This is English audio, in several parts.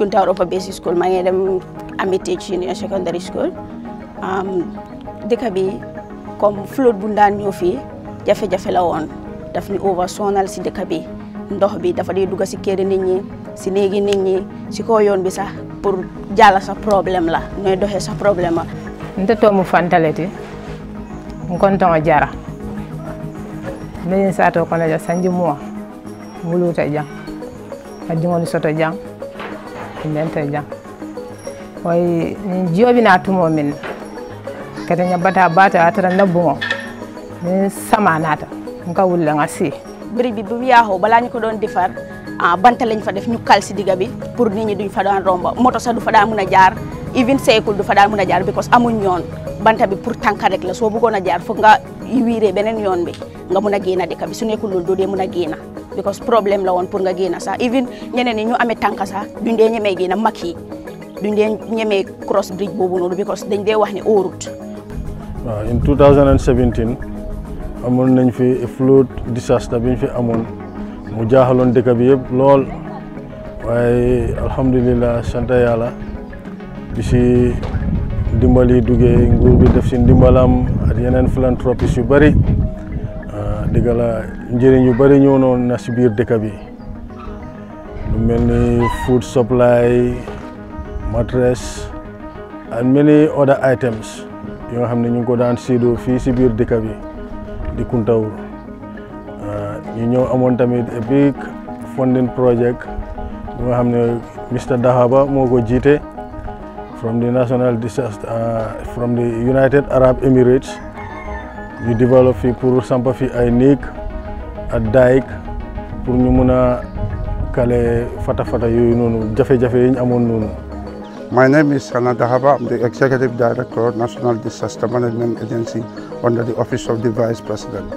school down upper basic school maa ngi dem Hermitage Junior Secondary School um, deka bi comme flood bu ndan ñu fi jafé jafé la won daf ni over sonal si deka bi ndox bi dafa day dugg si këri nit ñi si néegi nit ñi si ko yoon bi sax pour jàll sa problème la noy doxé sa problème la. nte tomu fantaleti nkontoŋo jara mbeñin saato kono ja sanji muwa mbuluta jaŋ a ni soto jaŋ min to way ni jobi na tumo min kadi nya bata a tara nabbugo ni sama nata nga wulla wulle ga si biri bi bu wiya ho balañi ko ɗon defar banta lañ fa def ñu kal ci diga bi pour nit ñi duñ fa daan romba moto sa du fa daan mëna jaar even cycle du fa daan mëna jaar because amuñ ñoon banta bi pour tanka rek la soo bëggoon a jaar foog nga wiiree benen yoon bi nga mëna a génn bi su nekkul lool do de mëna a because problem la won pour nga gina sa even ñene ni ñu amé tànk sa duñ dé ñemee gina makki duñ dé ñemee cross bridge bobu nonu because dañ dé wax ni au route in 2017 amon nañ fi flood disaster biñ fi amon mu jaaxaloon dekk bi yëpp lool waaye alhamdullilah santa yalla bi si dimbali duggé nguur bi def ci dimbalam ak yenen philanthropies yu bari dëgg la njëriñ yu bëri ñëw noonu na si biir dëkk bi lu mel ni food supply mattress and many other items yi nga xam ne ñu ngi ko daan séddoo fii si biir dëkk bi di Kuntawur ah, ñu ñëw amoon tamit a big funding project bi nga xam ne Mr Dahaba moo ko jiite from the national disaster ah, from the United Arab Emirates ñu développe pour samp fi ay ak pour ñu kale fata-fata yooyu jafe-jafe yi ñu My name is Hanan Dahaba. I'm the Executive Director, National Disaster Management Agency under the Office of the Vice President.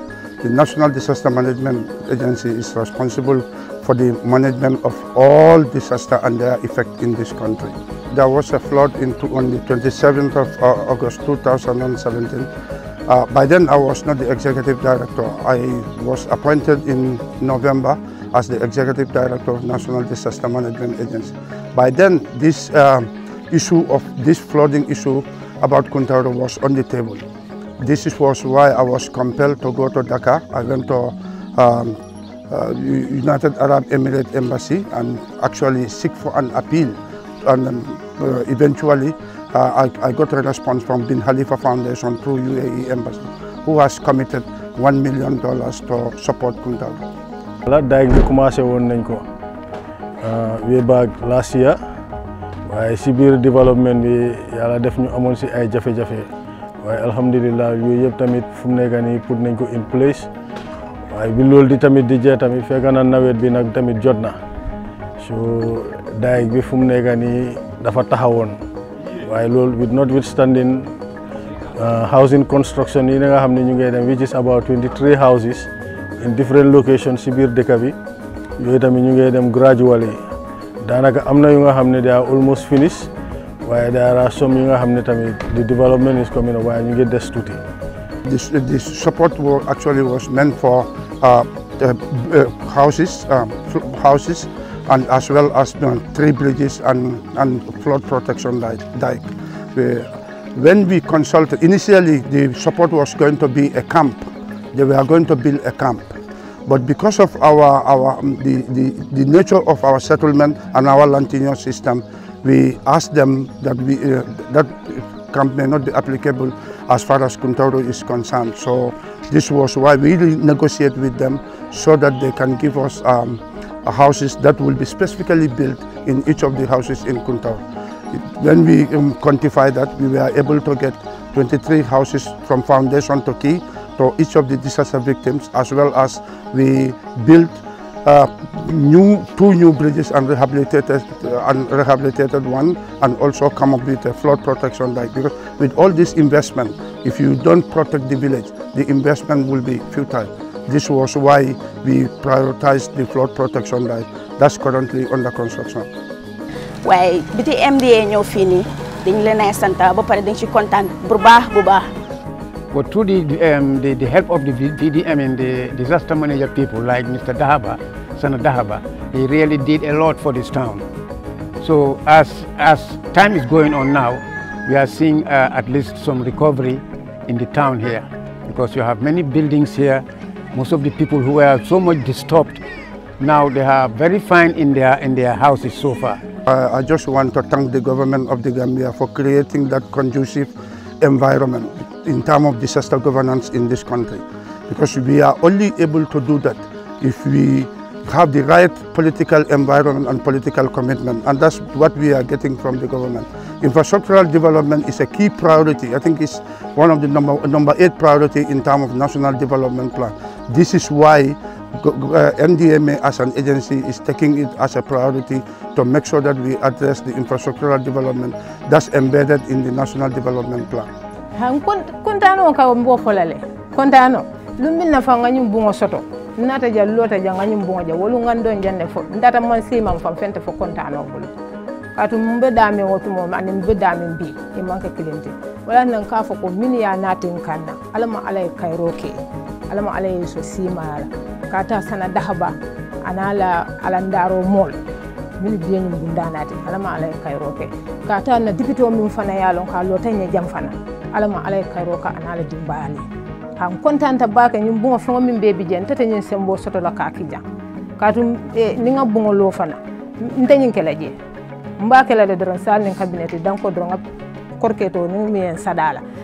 The National Disaster Management Agency is responsible for the management of all disaster and their effect in this country. There was a flood in, on the 27th of uh, August 2017 uh, by then, I was not the executive director. I was appointed in November as the executive director of National Disaster Management Agency. By then, this uh, issue of this flooding issue about Kuntaro was on the table. This was why I was compelled to go to Dhaka. I went to um, uh, United Arab Emirates Embassy and actually seek for an appeal and um, uh, eventually I, I, got a response from Bin Khalifa Foundation through UAE Embassy, who has committed $1 million to support Kundal. That dike we commenced one ninko euh, way back last year. Why Sibir development we yala def ñu amoon si ay jafé jafé. Why alhamdullilah yoy yeb tamit fum nekk ni put nañ ko in place. Why bi lool di tamit di jee tamit fekana nawet bi nag tamit jotna. So dike bi fum nekk ni dafa woon While, loolu with notwithstanding uh, housing construction yi nga xam ñu which is about 23 houses in different locations Sibir biir dëkk bi yooyu tamit ñu ngay dem gradually danaka amna na yu nga xam they are almost finished waaye there are some yu nga xam ne the development is coming up waaye ñu ngi des tuuti. This, this support actually was meant for uh, the, uh, uh, houses, um, houses and as well as you know, three bridges and, and flood protection dike. When we consulted, initially the support was going to be a camp. They were going to build a camp. But because of our, our, um, the, the, the nature of our settlement and our land tenure system, we asked them that, we, uh, that camp may not be applicable as far as Kuntoro is concerned. So this was why we negotiate with them so that they can give us um, uh, houses that will be specifically built in each of the houses in Kuntar. When we um, quantify that, we were able to get 23 houses from foundation to key to each of the disaster victims, as well as we built uh, new, two new bridges and rehabilitated, uh, and rehabilitated one and also come up with a flood protection dike because with all this investment, if you don't protect the village, the investment will be futile. This was why we prioritized the flood protection line that's currently under construction. waaye bi the MDA ñëw fii nii dañ leen a sant ba pare dañ ci kontaan bu But through the, um, the, the help of the DDM and the disaster manager people like Mr. Dahaba, Senator Dahaba, he really did a lot for this town. So as, as time is going on now, we are seeing uh, at least some recovery in the town here because you have many buildings here most of the people who were so much disturbed, now they are very fine in their, in their houses so far. I, I just want to thank the government of the Gambia for creating that conducive environment in terms of disaster governance in this country. Because we are only able to do that if we have the right political environment and political commitment, and that's what we are getting from the government. Infrastructural development is a key priority. I think it's one of the number, number eight priority in terms of national development plan. This is why NDMA uh, as an agency is taking it as a priority to make sure that we address the infrastructural development that's embedded in the National Development Plan. Kontano ka mbo folale. Kontano. Lumbi na fanga nyumbungo soto. Nata ja lota ja nga nyumbungo ja wolu ngando njande Ndata man sima mfam fente bulu. Katu mbe dami wotu mo bi. Imanke kilente. Wala nan ka fo ko mini Alama alai kairoke. alama ala ye so simara ka ta sana dahaba anala alandaro mol min biyeñum gundanade alama ala ye kayro ke ka ta na dipito min fana yalon ka lotayñe jam fana alama ala ye kayro ka anala dimbayani han contanta baka ñum buŋo feŋo min be bi jen tata ñin sembo soto la ka ki jang katum eh, ni ŋa buŋo lo fana nte ñin kela je mba kela le doron sal nin kabinete danko doron korketo ni miyen sadala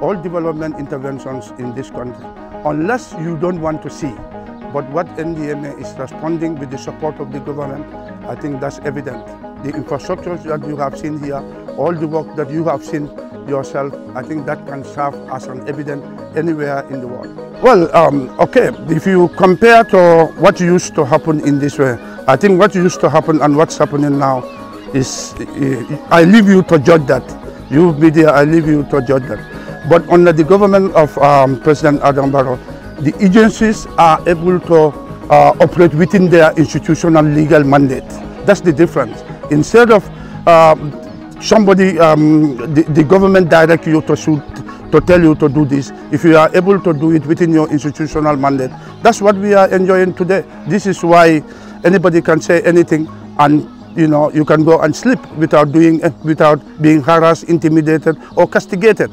all development interventions in this country, unless you don't want to see. But what NDMA is responding with the support of the government, I think that's evident. The infrastructures that you have seen here, all the work that you have seen yourself, I think that can serve as an evidence anywhere in the world. Well, um, okay, if you compare to what used to happen in this way, I think what used to happen and what's happening now is, eh, I leave you to judge that. You media, I leave you to judge that. But under the government of um, President Adam Barrow, the agencies are able to uh, operate within their institutional legal mandate. That's the difference. Instead of um, somebody, um, the, the, government direct you to shoot, to tell you to do this, if you are able to do it within your institutional mandate, that's what we are enjoying today. This is why anybody can say anything and you know, you can go and sleep without doing, without being harassed, intimidated, or castigated.